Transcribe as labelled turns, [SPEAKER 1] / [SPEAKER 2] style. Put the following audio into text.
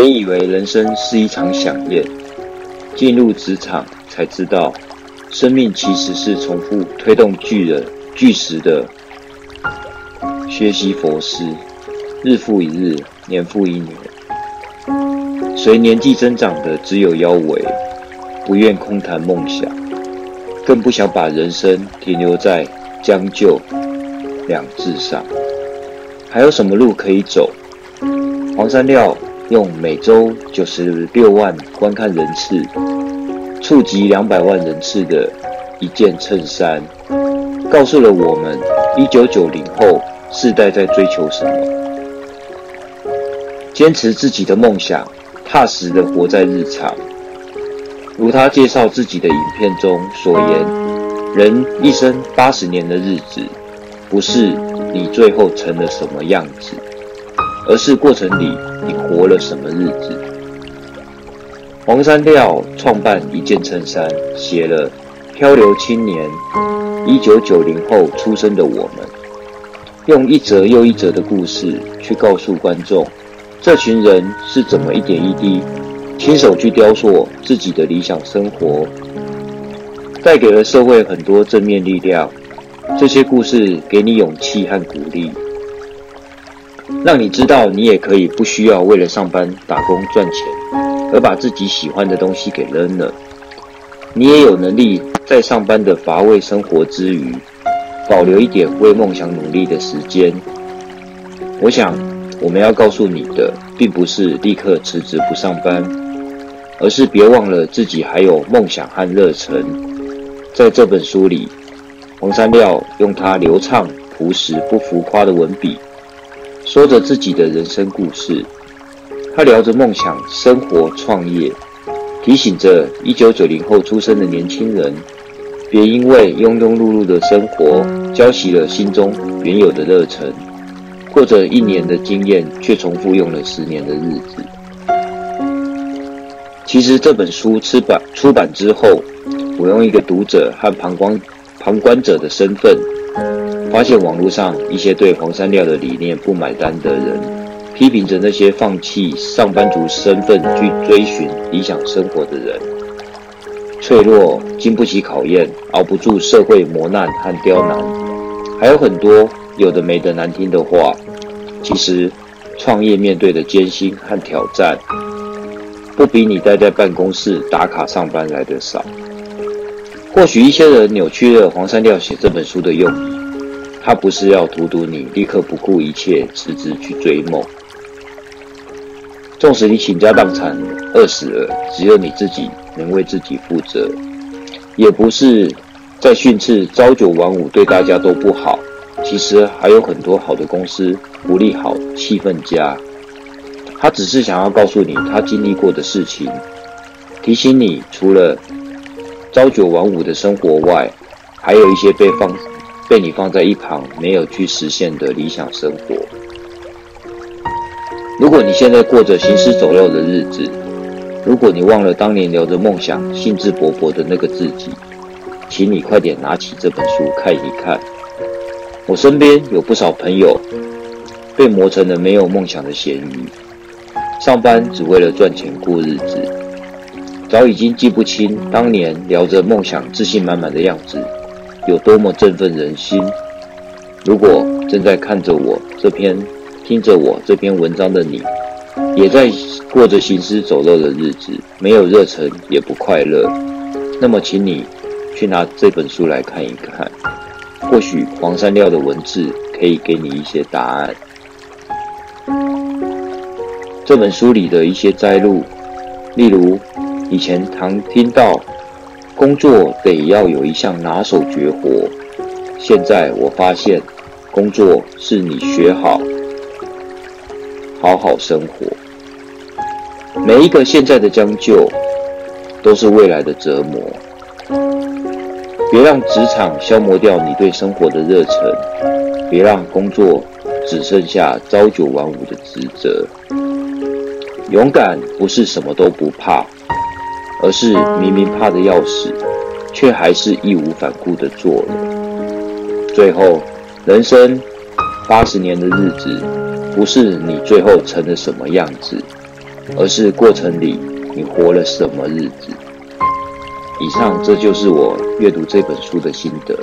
[SPEAKER 1] 原以為人生是一場饗宴，進入職場才知道，生命其實是重複推動巨人巨石的薛西弗斯，日復一日，年復一年，隨年紀增長的只有腰圍，不願空談夢想，更不想把人生停留在將就兩字上。還有什麼路可以走？黃山料。用每週九十六萬觀看人次，觸及兩百萬人次的一件襯衫，告訴了我們一九九零後世代在追求什麼：堅持自己的夢想，踏實地活在日常。如他介紹自己的影片中所言，人一生八十年的日子，不是你最後成了什麼樣子。而是過程裡，你活了什麼日子？黃山料創辦《一件襯衫》，寫了《漂流青年》，一九九零後出生的我們，用一則又一則的故事去告訴觀眾，這群人是怎麼一點一滴親手去雕塑自己的理想生活，帶給了社會很多正面力量。這些故事給你勇氣和鼓勵。讓你知道，你也可以不需要為了上班打工賺錢，而把自己喜歡的東西給扔了。你也有能力在上班的乏味生活之餘，保留一點為夢想努力的時間。我想，我們要告訴你的，並不是立刻辭職不上班，而是別忘了自己還有夢想和熱忱。在這本書裡，黃山廖用他流暢、樸實、不浮誇的文筆。說着自己的人生故事，他聊着夢想、生活、創業，提醒着一九九零後出生的年輕人，別因為庸庸碌碌的生活澆熄了心中原有的熱忱，過着一年的經驗卻重複用了十年的日子。其實這本書出版出版之後，我用一個讀者和旁觀旁觀者的身份。發現網絡上一些對黃山料的理念不買單的人，批評着那些放棄上班族身份去追尋理想生活的人，脆弱，經不起考驗，熬不住社會磨難和刁難，還有很多有的沒的難聽的話。其實，創業面對的艱辛和挑戰，不比你待在辦公室打卡上班來得少。或許一些人扭曲了黃山料寫這本書的用意。他不是要荼毒你，立刻不顧一切辭職去追夢；縱使你傾家蕩產、餓死了，只有你自己能為自己負責。也不是在訓斥朝九晚五對大家都不好，其實還有很多好的公司，福利好、氣氛佳。他只是想要告訴你他經歷過的事情，提醒你，除了朝九晚五的生活外，還有一些被放。被你放在一旁沒有去實現的理想生活。如果你現在過着行屍走肉的日子，如果你忘了當年聊着夢想、興致勃勃的那個自己，請你快點拿起這本書看一看。我身邊有不少朋友被磨成了沒有夢想的鹹魚，上班只為了賺錢過日子，早已經記不清當年聊着夢想、自信滿滿的樣子。有多麼振奮人心！如果正在看着我這篇、聽着我這篇文章的你，也在過着行屍走肉的日子，沒有熱忱也不快樂，那麼，請你去拿這本書來看一看，或許黃山料的文字可以給你一些答案。這本書裡的一些摘錄，例如以前常聽到。工作得要有一項拿手絕活。現在我發現，工作是你學好，好好生活。每一個現在的將就，都是未來的折磨。別讓職場消磨掉你對生活的熱忱，別讓工作只剩下朝九晚五的職責。勇敢不是什麼都不怕。而是明明怕得要死，卻還是義無反顧地做了。最後，人生八十年的日子，不是你最後成了什麼樣子，而是過程裡你活了什麼日子。以上，這就是我閱讀這本書的心得。